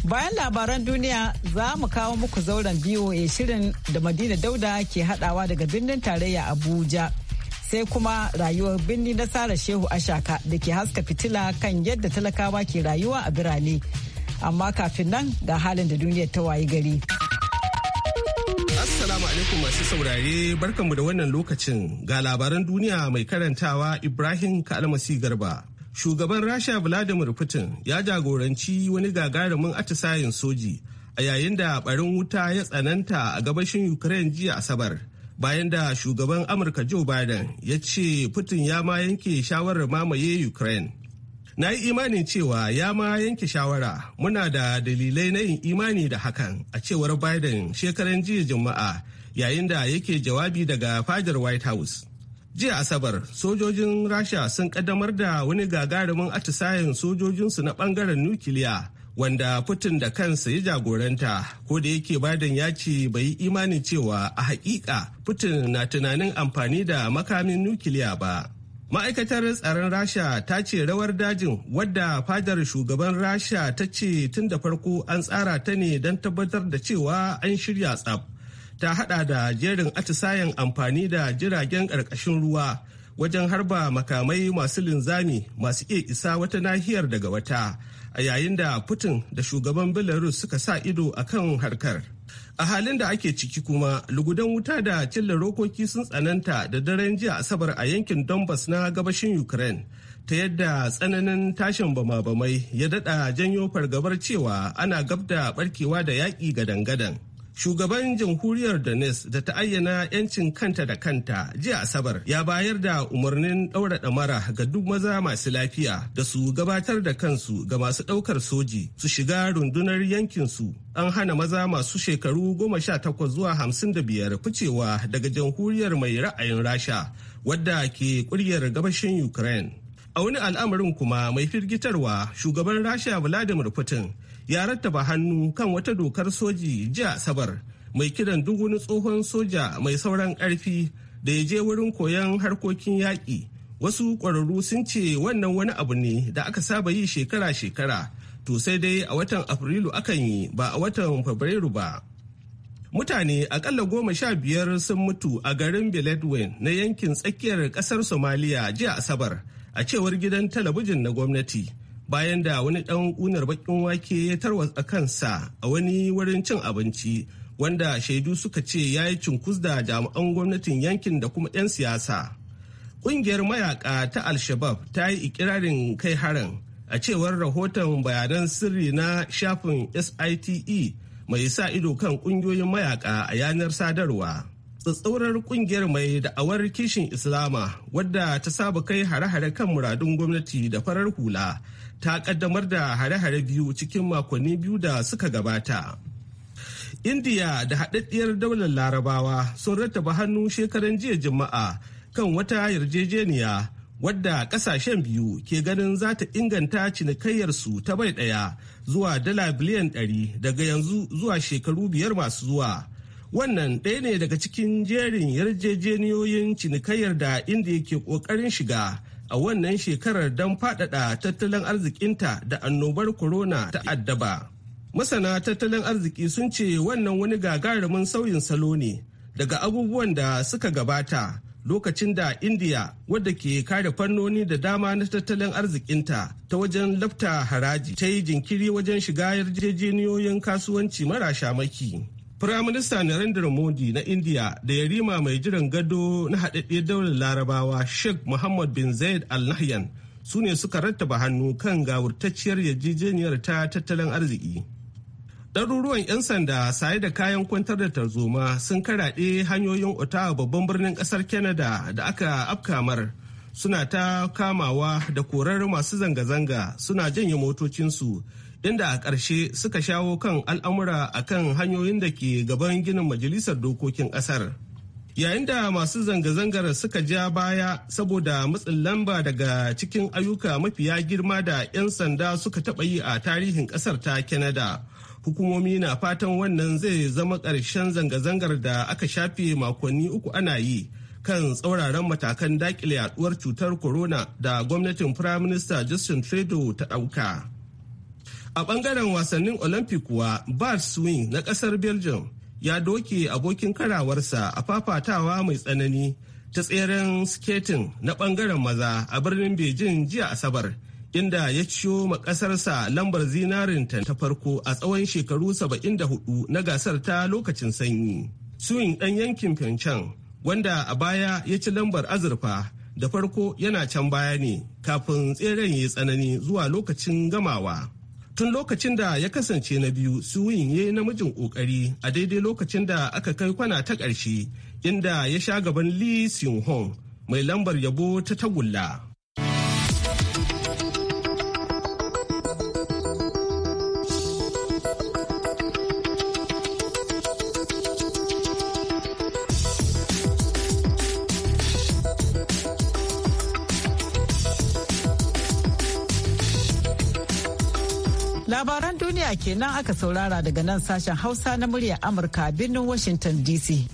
Bayan labaran duniya za mu kawo muku zauren A shirin da Madina Dauda ke hadawa daga birnin tarayya Abuja. Sai kuma rayuwar birni na Sara Shehu Ashaka da ke haska fitila kan yadda talakawa ke rayuwa a birane. Amma kafin nan ga halin da duniya ta wayi gari. Assalamu alaikum masu saurare barkanmu da wannan lokacin ga labaran duniya mai karantawa Ibrahim Kalmasi Garba. shugaban rasha vladimir putin ya jagoranci wani gagarumin atisayen soji a yayin da barin wuta ya tsananta a gabashin ukraine jiya asabar bayan da shugaban amurka joe biden ya ce putin ya ma yanke shawarar mamaye ukraine na yi imanin cewa ya ma yanke shawara muna da dalilai na yin imani da hakan a cewar biden shekaran jiya juma'a yayin da yake jawabi daga fadar white house jiya asabar sojojin rasha sun kaddamar da wani gagarumin atisayen sojojinsu na ɓangaren nukiliya wanda putin da kansa ya jagoranta ko da yake biden ya ce bai yi imanin cewa a haƙiƙa, putin na tunanin amfani da makamin nukiliya ba ma'aikatar tsaron rasha ta ce rawar dajin wadda fadar shugaban rasha ta ce tun da farko an tsara ta ne don tabbatar da cewa an shirya tsab ta hada da jerin atisayen amfani da jiragen karkashin ruwa wajen harba makamai masu linzami masu iya isa wata nahiyar daga wata a yayin da putin da shugaban belarus suka sa ido a kan harkar a halin da ake ciki kuma lugudan wuta da cilla rokoki sun tsananta da daren jiya asabar a yankin donbass na gabashin ukraine ta yadda tsananin tashin bama-bamai ya dada janyo fargabar cewa ana gab da barkewa da yaƙi gadan-gadan Shugaban jamhuriyar Danes da ta ayyana 'yancin kanta da kanta jiya Asabar ya bayar da umarnin ɗaura ɗamara ga duk maza masu lafiya da su gabatar da kansu ga masu ɗaukar soji su shiga rundunar yankinsu. An hana maza masu shekaru goma sha takwas zuwa hamsin da biyar ficewa daga jamhuriyar mai ra'ayin Rasha wadda ke ƙuryar gabashin Ukraine. A wani al'amarin kuma mai firgitarwa shugaban Rasha Vladimir Putin ya rattaba hannu kan wata dokar soji jiya asabar mai kiran duk wani tsohon soja mai sauran ƙarfi da ya je wurin koyon harkokin yaƙi wasu ƙwararru sun ce wannan wani abu ne da aka saba yi shekara-shekara to sai dai a watan afrilu akan yi ba a watan fabrairu ba mutane akalla goma sha biyar sun mutu a garin beledwin na yankin tsakiyar ƙasar somaliya jiya asabar a cewar gidan talabijin na gwamnati bayan da wani ɗan ƙunar baƙin wake ya tarwatsa kansa a wani wurin cin abinci wanda shaidu suka ce ya yi cunkus da jami'an gwamnatin yankin da kuma 'yan siyasa. Ƙungiyar mayaka ta Alshabab ta yi ikirarin kai harin a cewar rahoton bayanan sirri na shafin SITE mai sa ido kan ƙungiyoyin mayaka a yanar sadarwa. tsatsaurar ƙungiyar mai da'awar kishin islama wadda ta saba kai hare-hare kan muradun gwamnati da farar hula ta kaddamar da hare-hare biyu cikin makonni biyu da suka gabata. indiya da haɗaɗɗiyar daular larabawa sun rattaba hannu shekaran jiya juma'a kan wata yarjejeniya wadda ƙasashen biyu ke ganin za ta inganta cinikayyarsu ta bai ɗaya zuwa dala biliyan ɗari daga yanzu zuwa shekaru biyar masu zuwa. wannan ɗaya ne daga cikin jerin yarjejeniyoyin cinikayyar da indiya ke ƙoƙarin shiga a wannan shekarar don faɗaɗa tattalin arzikinta da annobar corona ta addaba. Masana tattalin arziki sun ce wannan wani gagarumin sauyin salo ne daga abubuwan da suka gabata lokacin da Indiya wadda ke kare fannoni da dama na tattalin arzikinta ta wajen lafta haraji ta yi jinkiri wajen shiga yarjejeniyoyin kasuwanci mara shamaki. Firaminista Narendra Modi na India da yarima mai jiran gado na haɗaɗɗiyar daular larabawa Sheikh Muhammad bin Zayed Al Nahyan su ne suka rattaba hannu kan gawurtacciyar yarjejeniyar ta tattalin arziki. Ɗaruruwan 'yan sanda saye da kayan kwantar da tarzoma sun karaɗe hanyoyin Ottawa babban birnin ƙasar Canada da aka afkamar suna ta kamawa da korar masu zanga-zanga suna janye motocinsu inda a ƙarshe suka shawo kan al'amura a kan hanyoyin da ke gaban ginin majalisar dokokin ƙasar. yayin da masu zanga-zangar suka ja baya saboda matsin lamba daga cikin ayyuka mafiya girma da 'yan sanda suka taɓa yi a tarihin ƙasar ta canada hukumomi na fatan wannan zai zama ƙarshen zanga-zangar da aka shafe makonni uku ana yi kan tsauraran matakan daƙile yaduwar cutar corona da gwamnatin firaminista justin trudeau ta ɗauka. A bangaren wasannin Olympic kuwa, Bart Swing na kasar Belgium ya doke abokin karawarsa a fafatawa mai tsanani ta tseren skating na bangaren maza a birnin Beijing jiya Asabar, inda ya ciyo ma kasarsa lambar zinarin ta farko a tsawon shekaru 74 na gasar ta lokacin sanyi. Swing ɗan yankin Pyeongchang, wanda a baya ya ci lambar azurfa da farko yana can baya ne kafin tseren ya yi tsanani zuwa lokacin gamawa. tun lokacin da ya kasance na biyu su ya namijin kokari a daidai lokacin da aka kai kwana ta ƙarshe inda ya sha gaban lee seung mai lambar yabo ta tagulla kenan aka saurara daga nan sashen Hausa na muryar Amurka a birnin Washington DC.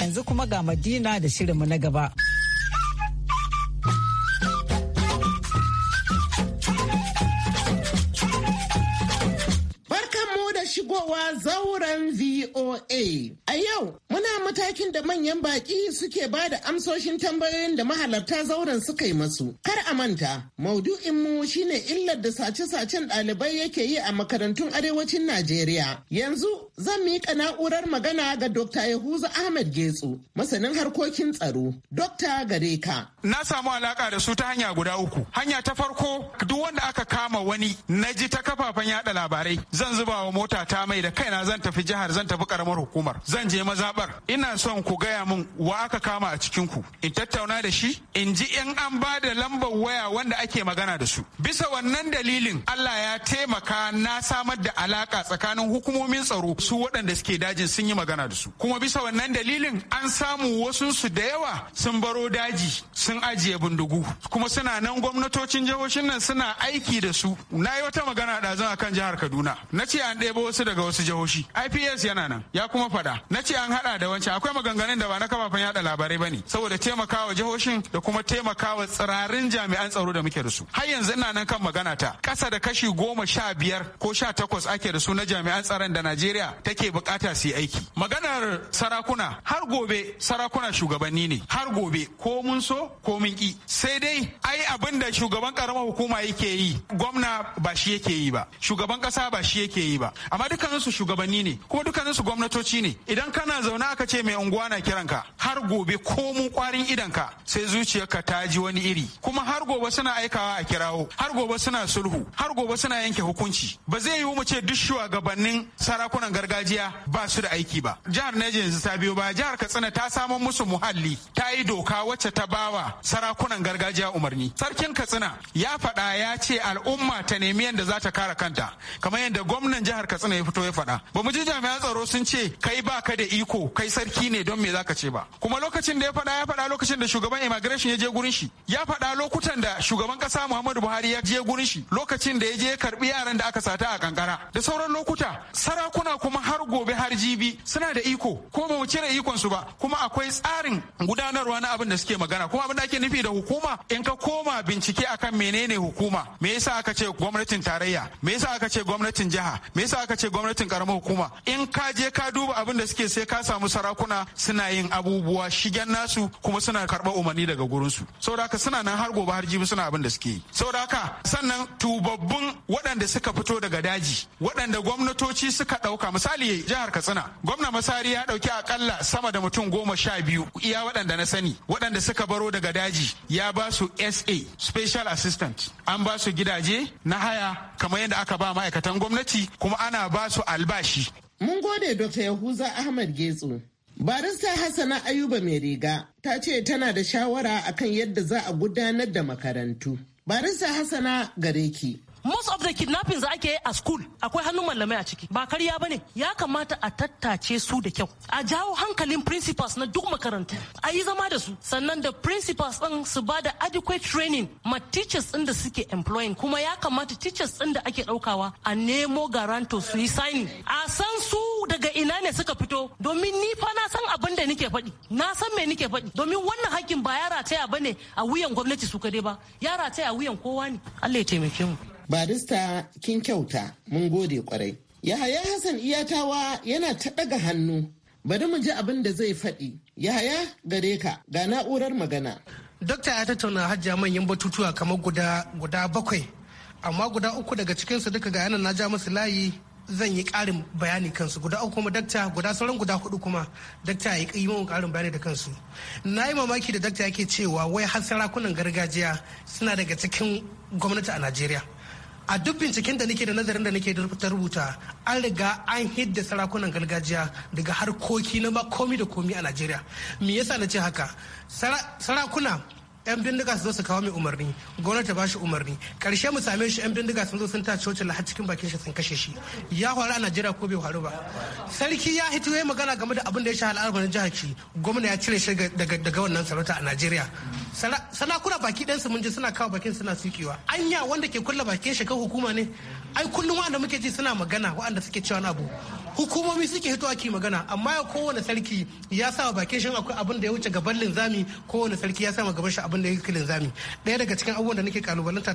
Yanzu kuma ga Madina da shirinmu na gaba. da shigowa zauren VOA. manyan baki suke ba da amsoshin tambayoyin da mahalarta zauren suka yi masu. Kar a manta, maudu'inmu shine illar da sace-sacen ɗalibai yake yi a makarantun arewacin Najeriya. Yanzu zan miƙa na'urar magana ga Dr. Yahuza Ahmed Getsu, masanin harkokin tsaro. Dokta gare ka. Na samu alaka da su ta hanya guda uku. Hanya ta farko duk wanda aka kama wani na ji ta kafafen yaɗa labarai zan zuba wa mota ta mai da kaina zan tafi jihar zan tafi karamar hukumar zan je mazabar ina son ku gaya mun wa aka kama a cikin ku in tattauna da shi in ji in an ba da lambar waya wanda ake magana da su bisa wannan dalilin Allah ya taimaka na samar da alaka tsakanin hukumomin tsaro su waɗanda suke dajin sun yi magana da su kuma bisa wannan dalilin an samu wasu su da yawa sun baro daji sun ajiye bindigu kuma suna nan gwamnatocin jihohin nan suna aiki da su na yi wata magana ɗazun kan jihar Kaduna na ce an ɗebo wasu daga wasu jihohi IPS yana nan ya kuma faɗa na ce an haɗa da wancan akwai maganganun da ba na kafafen yada labarai ba ne saboda taimakawa jihohin da kuma taimakawa tsirarin jami'an tsaro da muke da su har yanzu ina nan kan magana ta kasa da kashi goma sha biyar ko sha takwas ake da su na jami'an tsaron da najeriya take bukata su yi aiki maganar sarakuna har gobe sarakuna shugabanni ne har gobe ko mun so ko mun ki sai dai ai abin da shugaban karamar hukuma yake yi gwamna ba shi yake yi ba shugaban kasa ba shi yake yi ba amma dukkaninsu shugabanni ne kuma dukkaninsu gwamnatoci ne idan kana zaune aka ce mai unguwa na kiranka har gobe ko mu kwarin idanka sai zuciyarka ta ji wani iri kuma har gobe suna aikawa a kirawo har gobe suna sulhu har gobe suna yanke hukunci ba zai yi mu ce duk shugabannin sarakunan gargajiya ba su da aiki ba jihar Neja yanzu ta biyo ba jihar Katsina ta samo musu muhalli ta yi doka wacce ta bawa sarakunan gargajiya umarni sarkin Katsina ya faɗa ya ce al'umma ta nemi yadda za ta kare kanta kamar yadda gwamnan jihar Katsina ya fito ya faɗa ba mu ji jami'an tsaro sun ce kai baka da iko kai sarki ne don me zaka ce ba kuma lokacin da ya faɗa ya faɗa lokacin da shugaban immigration ya je gurin shi ya faɗa lokutan da shugaban kasa Muhammadu Buhari ya je gurin shi lokacin da ya je karɓi karbi yaran da aka sata a kankara da sauran lokuta sarakuna kuma har gobe har jibi suna da iko ko ba mu cire ikon su ba kuma akwai tsarin gudanarwa na abin da suke magana kuma abin da ake nufi da hukuma in ka koma bincike akan menene hukuma me yasa aka ce gwamnatin tarayya me yasa aka ce gwamnatin jiha me yasa aka ce gwamnatin karamar hukuma in ka je ka duba abin da suke sai ka samu sarakuna suna yin abubuwa shigen nasu kuma suna karɓar umarni daga gurinsu saboda haka suna nan har gobe har jibi suna abin da suke yi saboda sannan tubabbun waɗanda suka fito daga daji waɗanda gwamnatoci suka ɗauka misali jihar katsina gwamna masari ya ɗauki akalla sama da mutum goma sha biyu iya waɗanda na sani waɗanda suka baro daga daji ya ba su sa special assistant an ba su gidaje na haya kamar yadda aka ba ma'aikatan gwamnati kuma ana ba su albashi mun gode dr yahuza ahmad getso Barista Hassana Ayuba mai riga ta ce tana da shawara akan yadda za a gudanar da makarantu. Barista Hassana gare ki. most of the kidnappings da ake yi a school akwai hannun malamai a ciki ba karya bane ya kamata a tattace su da kyau a jawo hankalin principals na duk makarantu a yi zama da su sannan da principals din su ba da adequate training ma teachers din da suke employing kuma ya kamata teachers din da ake daukawa a nemo garanto su yi signing a san su daga ina ne suka fito domin ni fa na san abin da nake faɗi na san me nake faɗi domin wannan hakkin ba yara taya bane a wuyan gwamnati su kadai ba yara taya wuyan kowa ne Allah ya taimake mu Barista kin kyauta mun gode kwarai. Yahaya Hassan Iyatawa yana ta ɗaga hannu. Bari mu ji abin da zai faɗi. Yahaya gare ka ga na'urar magana. Dokta ya tattauna hajja manyan batutuwa kamar guda guda bakwai. Amma guda uku daga cikinsu duka ga yanan na ja musu layi zan yi karin bayani kansu guda uku kuma dakta guda sauran guda hudu kuma dakta ya yi mun karin bayani da kansu na yi mamaki da dakta yake cewa wai har sarakunan gargajiya suna daga cikin gwamnati a najeriya a duk binciken da nake da nazarin da nake ta rubuta an riga an hidda sarakunan gargajiya daga harkoki na makomi da komi a najeriya me yasa na ce haka sarakuna yan bindiga su zo su kawo mai umarni gwamnati ba shi umarni karshe mu same shi yan bindiga sun zo sun ta cocin har cikin bakin shi sun kashe shi ya faru a najeriya ko bai faru ba sarki ya hito ya magana game da abin da ya sha al'amarin jihar ki gwamna ya cire shi daga wannan sarauta a najeriya kuna baki su mun ji suna kawo bakin suna sukewa anya wanda ke kulla bakin shi kan hukuma ne ai kullum wanda muke ji suna magana waɗanda suke cewa na abu hukumomi suke hito ake magana amma kowane sarki ya sa bakin shi akwai abin da ya wuce gaban linzami kowane sarki ya sa gaban shi abin da yake linzami ɗaya daga cikin abubuwan da nake kalubalanta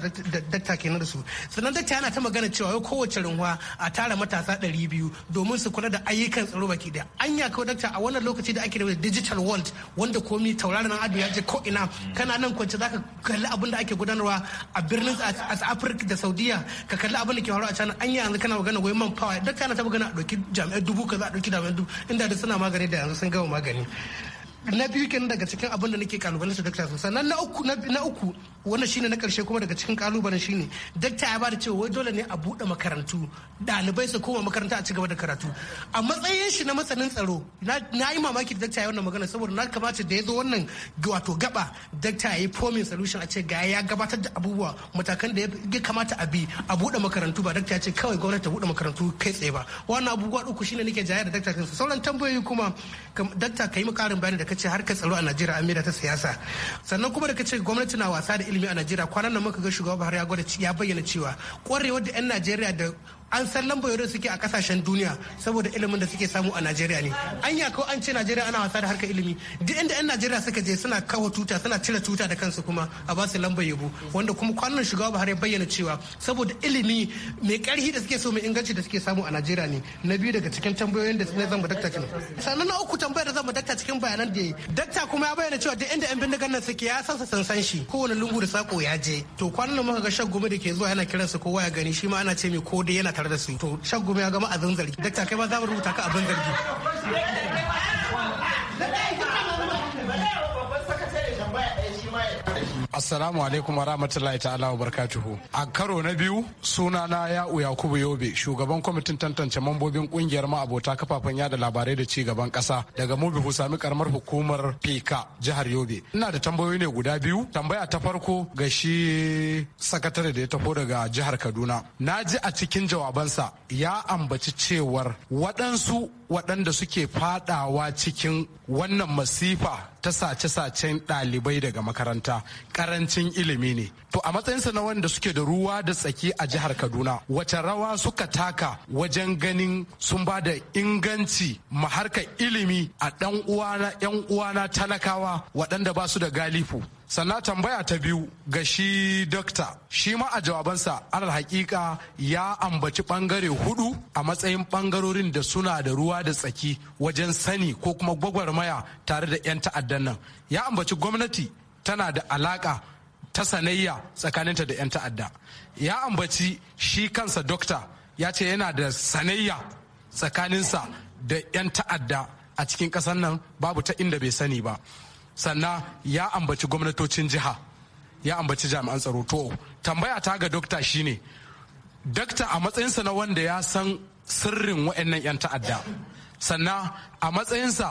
dakta kenan da su sannan dakta yana ta magana cewa yau kowace runwa a tara matasa ɗari biyu domin su kula da ayyukan tsaro baki ɗaya anya kawai dakta a wannan lokaci da ake da digital world wanda komi tauraron nan ya je ko ina kana nan kwance zaka kalli abin da ake gudanarwa a birnin a afirka da saudiya ka kalli abin da ke faruwa a can anya yanzu kana magana wai man power dakta yana ta magana a ɗauki jami'an dubu kaza a ɗauki jami'an dubu inda da suna magani da yanzu sun gama magani na biyu kenan daga cikin abin da nake kalubalen su dakta sannan na uku na uku wannan shine na karshe kuma daga cikin kalubalen shine dakta ya bada cewa wai dole ne a bude makarantu dalibai su koma makaranta a cigaba da karatu a matsayin shi na masanin tsaro na yi mamaki da dakta ya wannan magana saboda na kamata da ya zo wannan wato gaba dakta ya yi forming solution a ce ga ya gabatar da abubuwa matakan da ya kamata a bi a bude makarantu ba dakta ya ce kawai gwamnati ta bude makarantu kai tsaye ba wannan abubuwa uku shine nake jayar da dakta sauran tambayoyi kuma dakta ka yi mu karin bayani da ce harkar tsaro a Najeriya an maida ta siyasa sannan kuma da ka ce gwamnati na wasa da ilimi a Najeriya kwanan nan muka ga shugaba Buhari ya gwada ya bayyana cewa kwarewar da 'yan Najeriya da an san lambayoyin suke a kasashen duniya saboda ilimin da suke samu a najeriya ne anya ko an ce najeriya ana wasa da harkar ilimi duk inda yan najeriya suka je suna kawo tuta suna cire tuta da kansu kuma a basu lambar yabo wanda kuma kwanan shugaba buhari bayyana cewa saboda ilimi mai karhi da suke so mai inganci da suke samu a najeriya ne na biyu daga cikin tambayoyin da na zama dakta cikin sannan na uku tambayar da zama dakta cikin bayanan da ya yi dakta kuma ya bayyana cewa duk inda yan bindigan nan suke ya san sa san san shi kowane lungu da sako ya je to kwanan muka ga shan gumi da ke zuwa yana kiransa kowa ya gani shi ma ana ce mai ko yana tare da su to shan gumi ya gama a zanzargi dakta kai ma za mu rubuta ka abin zargi Assalamu alaikum wa rahmatullahi ta'ala wa barkatuhu. A karo na biyu suna na Ya'u Yakubu Yobe, shugaban kwamitin tantance mambobin kungiyar ma'abota kafafen yada labarai da ci gaban kasa daga Mubi sami karamar hukumar Pika jihar Yobe. Ina da tambayoyi ne guda biyu. Tambaya ta farko ga shi sakatare da ya tafi daga jihar Kaduna. Na ji a cikin jawabansa ya ambaci cewar waɗansu waɗanda suke fadawa cikin wannan masifa ta sace-sacen ɗalibai daga makaranta karancin ilimi ne to a matsayinsa na wanda suke da ruwa da tsaki a jihar kaduna wace rawa suka taka wajen ganin sun ba da inganci ma harkar ilimi a ɗan uwana 'yan uwana talakawa waɗanda ba su da galifu sannan tambaya ta biyu ga shi dokta shi ma a jawabansa alal hakika ya ambaci bangare hudu a matsayin bangarorin da suna da ruwa da tsaki wajen sani ko kuma gwagwarmaya tare da 'yan ta'addan nan ya ambaci gwamnati tana da alaka ta sanayya tsakaninta da 'yan ta'adda ya ambaci shi kansa dokta ya ce yana da sanayya tsakaninsa da 'yan ta'adda a cikin ƙasar nan babu ta inda bai sani ba sannan ya ambaci gwamnatocin jiha ya ambaci jami'an tsaro to tambaya ta ga dokta shine dokta a matsayinsa na wanda ya san sirrin wa'annan 'yan ta'adda sannan a matsayinsa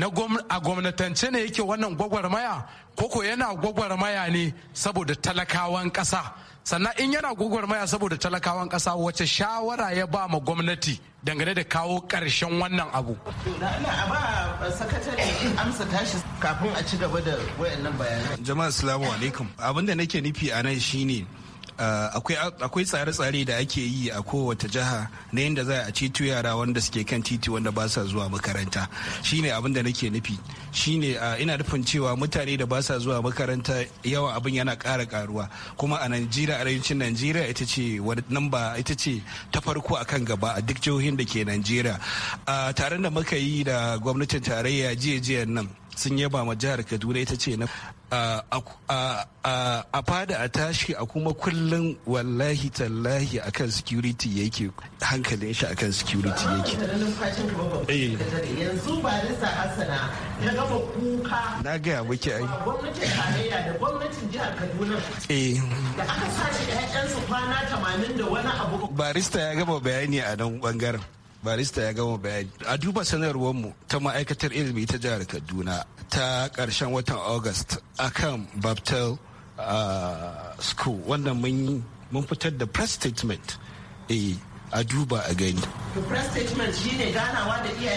na a gwamnatance ne yake wannan gwagwarmaya koko yana gwagwarmaya ne saboda talakawan ƙasa sannan in yana gwagwarmaya saboda talakawan ƙasa wace shawara ya ba ma gwamnati dangane da kawo ƙarshen wannan abu. ba kafin a ci gaba da wayannan bayanai. Jama'a salamu alaikum. Abin da nake nufi a nan shine Eh, akwai tsare-tsare da ake yi a kowace jiha na yadda za a ceto yara wanda suke kan titi wanda ba sa zuwa makaranta shine abin da nake nufi shine eh, ina nufin cewa mutane da ba sa zuwa makaranta yawan abin yana ƙara karuwa kuma a najeriya arewacin najeriya ita ce namba ita ce ta farko a kan gaba a duk jihohin da ke najeriya a eh, taron da muka yi da gwamnatin tarayya jiya jiyan nan sun yaba ma jihar kaduna ita ce na a fada a tashi a kuma kullum wallahi tallahi akan security yake hankalin shi akan security yake eh. yanzu ba hasana ya gama kuka na gaya muke ai gwamnatin tarayya da gwamnatin jihar kaduna eh. da aka 'ya'yansu kwana 80 da wani abu barista ya gama bayani a nan bangaren barista ya gama bayani a duba sanarwar mu ta ma'aikatar ilimi ta jihar kaduna ta ƙarshen watan august akan baptel uh, school wannan mun fitar da press statement eh, a duba a gani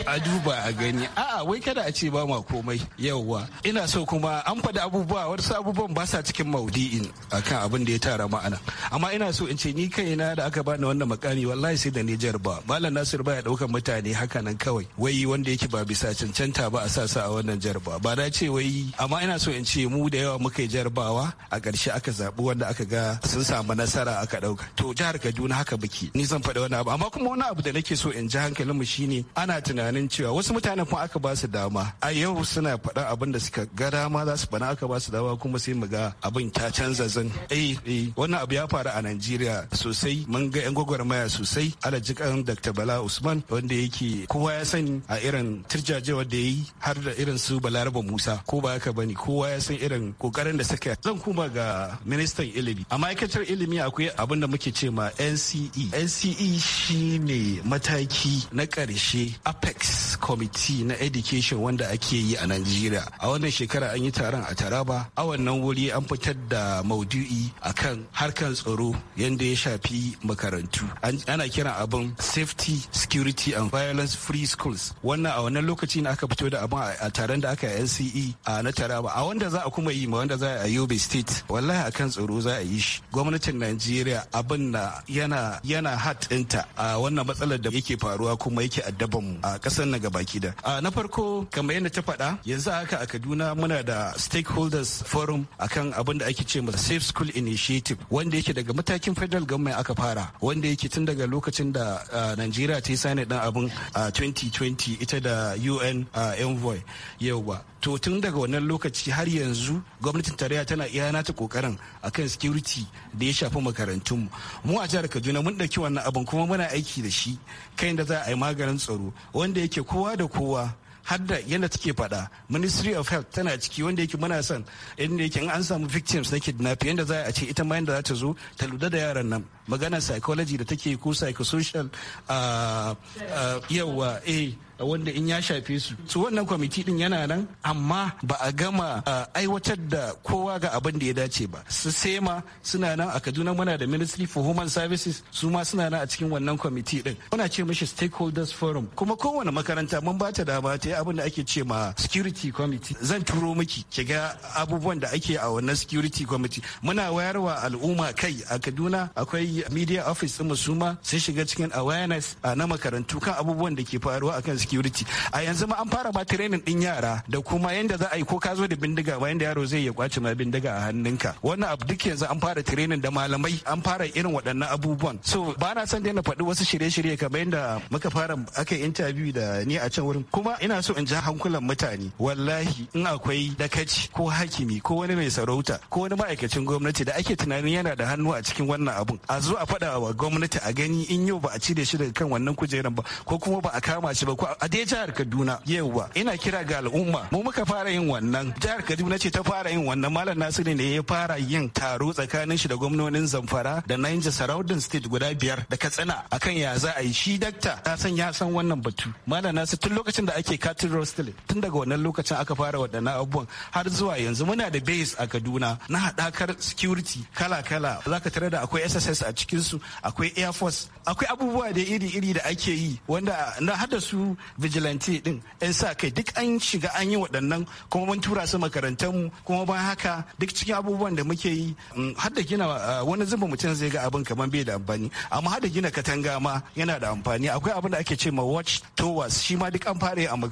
a duba a gani a'a wai kada a ce ba ma komai yauwa ina so kuma an faɗi abubuwa wasu abubuwan ba sa cikin maudi'in akan abin da ya tara ma'ana amma ina so in ce ni kaina da aka bani wannan makami wallahi sai da Nijar ba malam Nasiru baya ɗaukar mutane haka nan kawai wai wanda yake ba bisa cancanta ba a sa sa a wannan jarba ba na ce wai amma ina so in ce mu da yawa muka yi jarbawa a ƙarshe aka zaɓi wanda aka ga sun samu nasara aka ɗauka to jihar Kaduna haka biki ni zan faɗa da wani abu amma kuma wani abu da nake so in ji hankalin mu shine ana tunanin cewa wasu mutanen kuma aka ba su dama a yau suna faɗa abin da suka ga dama za su bana aka ba su dama kuma sai mu ga abin ta canza zan eh eh wannan abu ya faru a Najeriya sosai mun ga yan gwagwarmaya sosai alajikan Dr. Bala Usman wanda yake kowa ya sani a irin turjajewar da yi har da irin su Balaraba Musa ko ba haka bane kowa ya san irin kokarin da suka zan kuma ga ministan ilimi a ma'aikatar ilimi akwai abin da muke ce ma NCE NCE shi ne mataki na ƙarshe apex committee na education wanda ake yi a najeriya a wannan shekara an yi taron a taraba a wannan wuri an fitar da maudu'i akan harkar tsaro yadda ya shafi makarantu ana kiran abin safety security and violence free schools wannan a wannan lokaci aka fito da abin a taron da aka yi nce a na taraba a wanda za a kuma yi ma wanda za a yobe state wallahi akan tsaro za a yi shi gwamnatin najeriya abin na yana yana hat maganinta a wannan matsalar da yake faruwa kuma yake addaban mu a kasar na gabaki da na farko kamar yadda ta faɗa yanzu haka a kaduna muna da stakeholders forum akan abin da ake ce ma safe school initiative wanda yake daga matakin federal government aka fara wanda yake tun daga lokacin da najeriya ta yi sani dan abin 2020 ita da un envoy yauwa to tun daga wannan lokaci har yanzu gwamnatin tarayya tana iya nata kokarin akan security da ya shafi makarantunmu mu a jihar kaduna mun ɗauki wannan abin kuma muna aiki da shi kai da za a yi maganin tsaro wanda yake kowa da kowa har da yadda take faɗa ministry of health tana ciki wanda yake muna son inda yake an samu victims na kidnapping yadda za a ce ita ma yadda za ta zo ta lura da yaran nan magana psychology da take ko psychosocial ah, ah, yawa eh wanda in ya shafe su su wannan kwamiti din yana nan amma ba a gama aiwatar da kowa ga abin da ya dace ba su sema suna nan a kaduna muna da ministry for human services su ma suna nan a cikin wannan kwamiti din muna ce mishi stakeholders forum kuma kowane makaranta mun ba ta dama ta yi abin da ake ce ma security committee zan turo miki ki ga abubuwan da ake a wannan security committee muna wayarwa al'umma kai a kaduna akwai media office din su ma sun shiga cikin awareness na makarantu kan abubuwan da ke faruwa akan security a yanzu ma an fara ma training din yara da kuma yanda za a yi ko ka zo da bindiga ba yanda yaro zai ya kwace ma bindiga a hannunka wannan abu duk yanzu an fara training da malamai an fara irin waɗannan abubuwan so ba na son daina faɗi wasu shirye-shirye kamar yadda muka fara aka interview da ni a can wurin kuma ina so in ja hankulan mutane wallahi in akwai dakaci ko hakimi ko wani mai sarauta ko wani ma'aikacin gwamnati da ake tunanin yana da hannu a cikin wannan abun a zo a faɗa wa gwamnati a gani in yau ba a cire shi daga kan wannan kujeran ba ko kuma ba a kama shi ba ko a dai jihar kaduna yawa ina kira ga al'umma mu muka fara yin wannan jihar kaduna ce ta fara yin wannan malam nasiru ne ya fara yin taro tsakanin shi da gwamnonin zamfara da niger saraudin state guda biyar da katsina akan ya za a yi shi dakta ta san ya san wannan batu malam nasiru tun lokacin da ake katin rostel tun daga wannan lokacin aka fara waɗannan abubuwan har zuwa yanzu muna da base a kaduna na haɗakar security kala-kala za ka tare da akwai sss a cikinsu akwai air force akwai abubuwa da iri-iri da ake yi wanda na hada su vigilante din yan sa kai duk an shiga an yi waɗannan kuma mun tura su makarantar mu kuma ban haka duk cikin abubuwan da muke yi mm, har da gina ah, wani zuba mutum zai ga abin kamar bai da amfani amma har da gina katanga ma yana da amfani akwai abin da ake ce ma watch towers shi ma duk an fara a mu.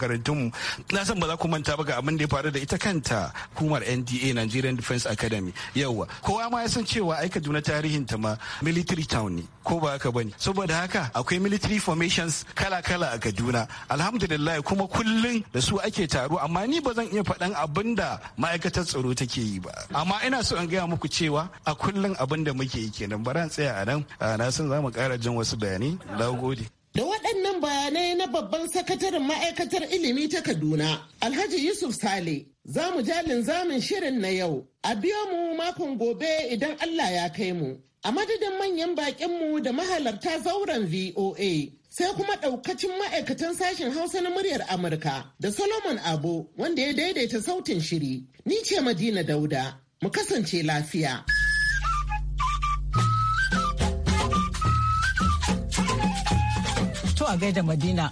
na san ba za ku manta ba ga abin da ya faru da ita kanta hukumar NDA Nigerian Defence Academy yawa kowa ma ya san cewa ai Kaduna tarihin ta ma military town ne ko ba haka bane saboda haka akwai military formations kala kala a Kaduna alhamdulillah kuma kullum da su ake taro amma ni ba zan iya faɗan abin da ma'aikatar tsaro take yi ba amma ina so in gaya muku cewa a kullum abin da muke yi kenan baran tsaya a na san za mu ƙara jin wasu bayanai na gode Da waɗannan bayanai na babban sakataren ma'aikatar ilimi ta Kaduna, Alhaji Yusuf Sale, za mu ja linzamin shirin na yau, a biyo mu makon gobe idan Allah ya kai mu. a madadin manyan baƙinmu da mahalarta zauren VOA. Sai kuma ɗaukacin ma'aikatan sashen Hausa na muryar Amurka da Solomon Abo wanda ya daidaita sautin shiri. Ni ce Madina Dauda, mu kasance lafiya. To a gaida Madina.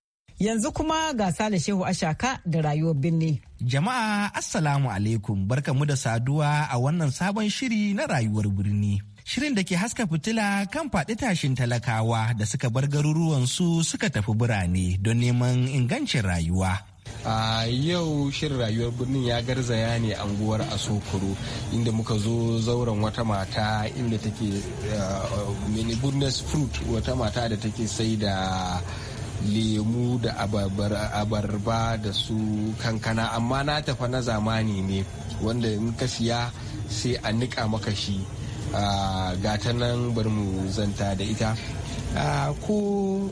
Yanzu kuma gasa da Shehu Ashaka da rayuwar birni. Jama'a Assalamu alaikum barkamu da saduwa a wannan sabon shiri na rayuwar birni. Shirin da ke haska fitila kan faɗi tashin talakawa da suka bar garuruwan su suka tafi birane don neman ingancin rayuwa. a yau shirin rayuwar birnin ya garzaya ne anguwar asokoro inda muka zo zauren wata mata inda take eh, eh, mini goodness fruit wata mata da take sai da lemu da abarba da su kankana amma na tafa na zamani ne wanda in ka siya sai a niƙa maka shi gata nan bari mu zanta da ita ko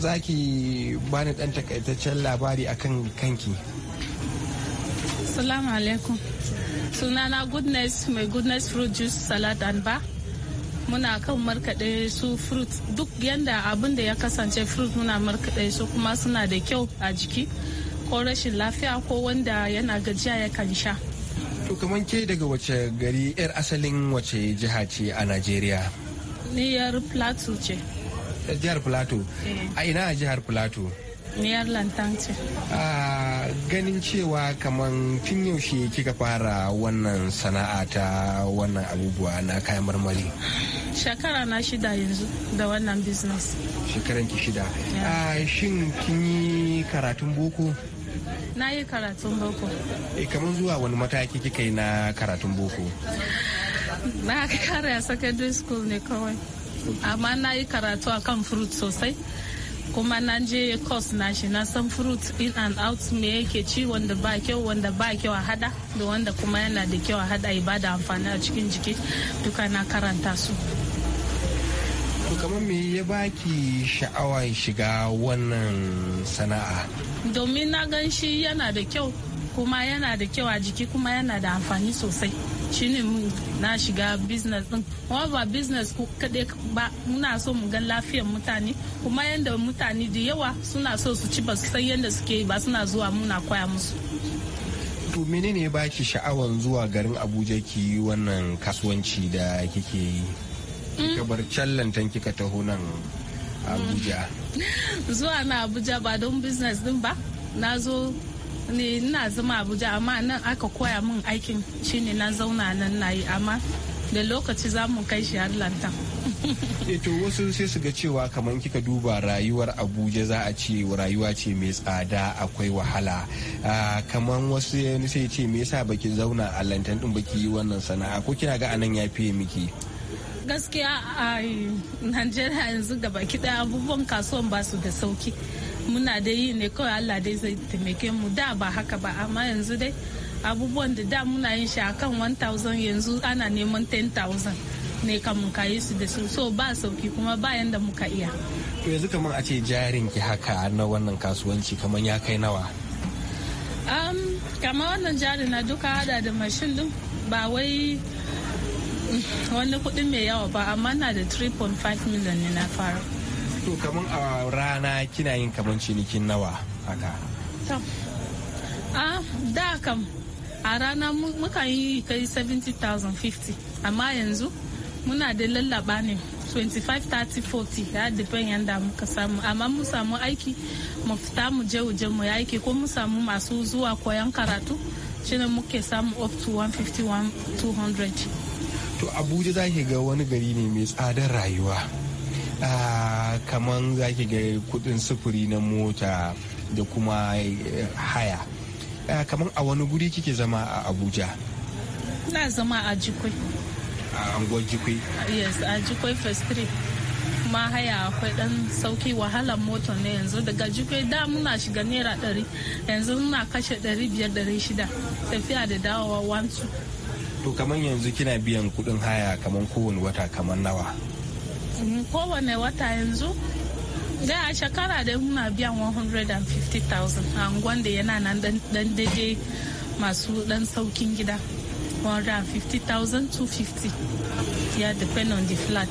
za ki bani ɗan takaitaccen labari akan kanki salamu alaikum sunana goodness mai goodness fruit juice salad and bar muna kan markaɗe su fruit duk yanda abin da ya kasance fruit muna markaɗe su kuma suna da kyau a jiki ko rashin lafiya ko wanda yana gajiya ya kan sha to kamar ke daga wace gari yar asalin wace jiha ce a najeriya ni yar plateau ce jihar plateau eh. a ina jihar plateau Niyar lantan ce. A ganin cewa kamar tun yaushe kika fara wannan sana'a ta wannan abubuwa na kayan marmari. Shekara na shida yanzu da wannan business. Shekaran ki shida. A shin kin yi karatun boko? Na yi karatun boko. E eh, kamar zuwa wani mataki kika yi na karatun boko? Na kare a secondary school ne kawai. Amma na yi karatu akan fruit sosai. kuma na je course na shi na san fruit in and out me yake ci wanda ba kyau wanda ba kyau a hada da wanda kuma yana da kyau a hada ibada amfani a cikin jiki duka na karanta su kamar me ya baki sha'awa shiga wannan sana'a domin na gan shi yana da kyau kuma yana da kyau a jiki kuma yana da amfani sosai shine mun na shiga business din kuma ba business kaɗai ba muna so mu ga lafiyar mutane kuma yadda mutane da yawa suna so su ci ba san yadda suke ba suna zuwa muna koya musu to menene ya baki sha'awar zuwa garin abuja ki yi wannan kasuwanci da kike yi kabar can kika taho nan abuja zuwa na abuja ba don business din ba na zo ne ina zama abuja amma nan aka koya min aikin shine na zauna nan na yi amma da lokaci za mu kai shi har lantan eh, to wasu sai su ga cewa kamar kika duba rayuwar abuja za a ce rayuwa ce mai tsada akwai wahala ah, kamar wasu sai ce me yasa baki zauna a lantan din baki yi wannan sana'a ko kina ga anan ya fiye miki gaskiya a najeriya yanzu gaba daya abubuwan kasuwan ba su da sauki muna da yi ne kawai allah dai zai taimake mu da ba haka ba amma yanzu dai abubuwan da da muna yin shi akan 1000 yanzu ana neman 10000 ne kamun ka yi su da su so ba sauki kuma bayan da muka iya yanzu kamar a ce jarin ki haka na wannan kasuwanci kamar ya kai nawa um, kamar wannan jarin na duka hada da mashin din ba wai wani kuɗi mai yawa ba amma na da 3.5 million ne na fara to kamar a rana kina yin kaman cinikin nawa haka a da kam a rana muka yi kai 70,050 amma yanzu muna da lallaba ne 25-30-40 ya depend yadda muka samu amma mu samu aiki mu fita mu je wuje mu aiki ko mu samu masu zuwa koyan karatu shine muke samu up to 150-200 to abuja za ga wani gari ne mai tsadar rayuwa Ah, kaman za ki ga kudin sufuri na mota da kuma eh, haya ah, kaman a wani guri kike zama a abuja na zama a jikwai a angon jikwai yes a jikwai first kuma haya akwai dan sauki wahalar mota ne yanzu daga jikwai da muna shiga naira ɗari yanzu muna kashe ɗari biyar ɗari shida tafiya da dawowa wancu to kamar yanzu kina biyan kudin haya kamar kowane wata kamar nawa Mm, kowane wata yanzu ga a shekara da muna biyan 150,000 a unguwan da yana nan dan daidai masu dan saukin gida 150,000 250 ya depend on the flat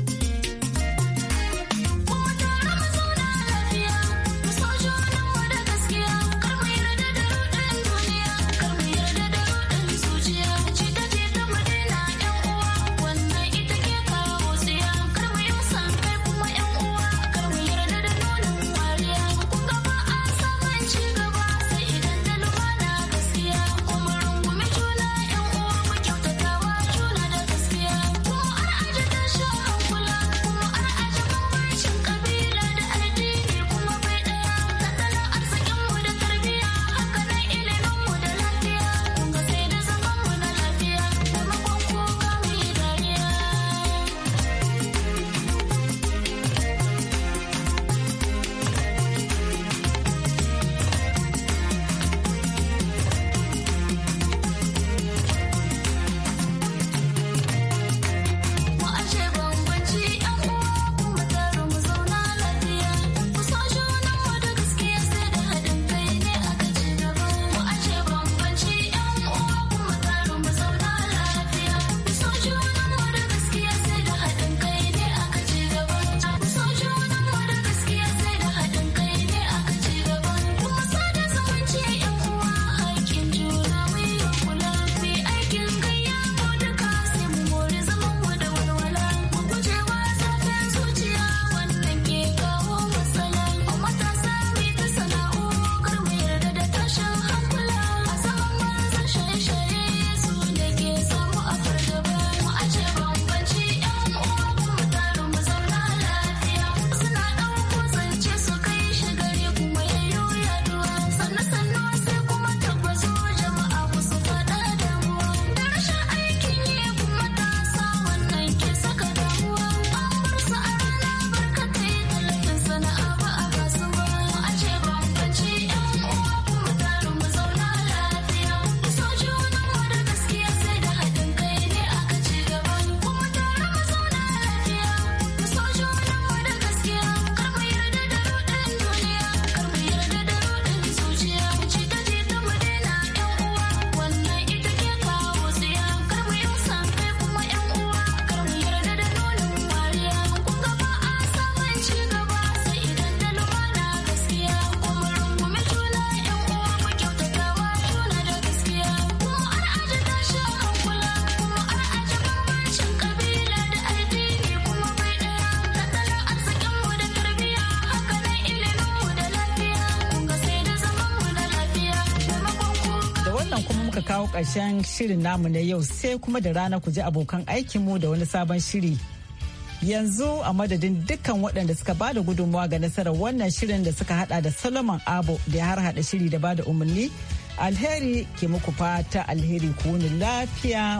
ƙarshen shirin namu na yau sai kuma da rana ku ji abokan aikinmu da wani sabon shiri. Yanzu a madadin dukkan waɗanda suka ba da gudunmawa ga nasarar wannan shirin da suka hada da Solomon Abo da ya harhaɗa shiri da ba da umarni. Alheri ke muku fata alheri ku wuni lafiya.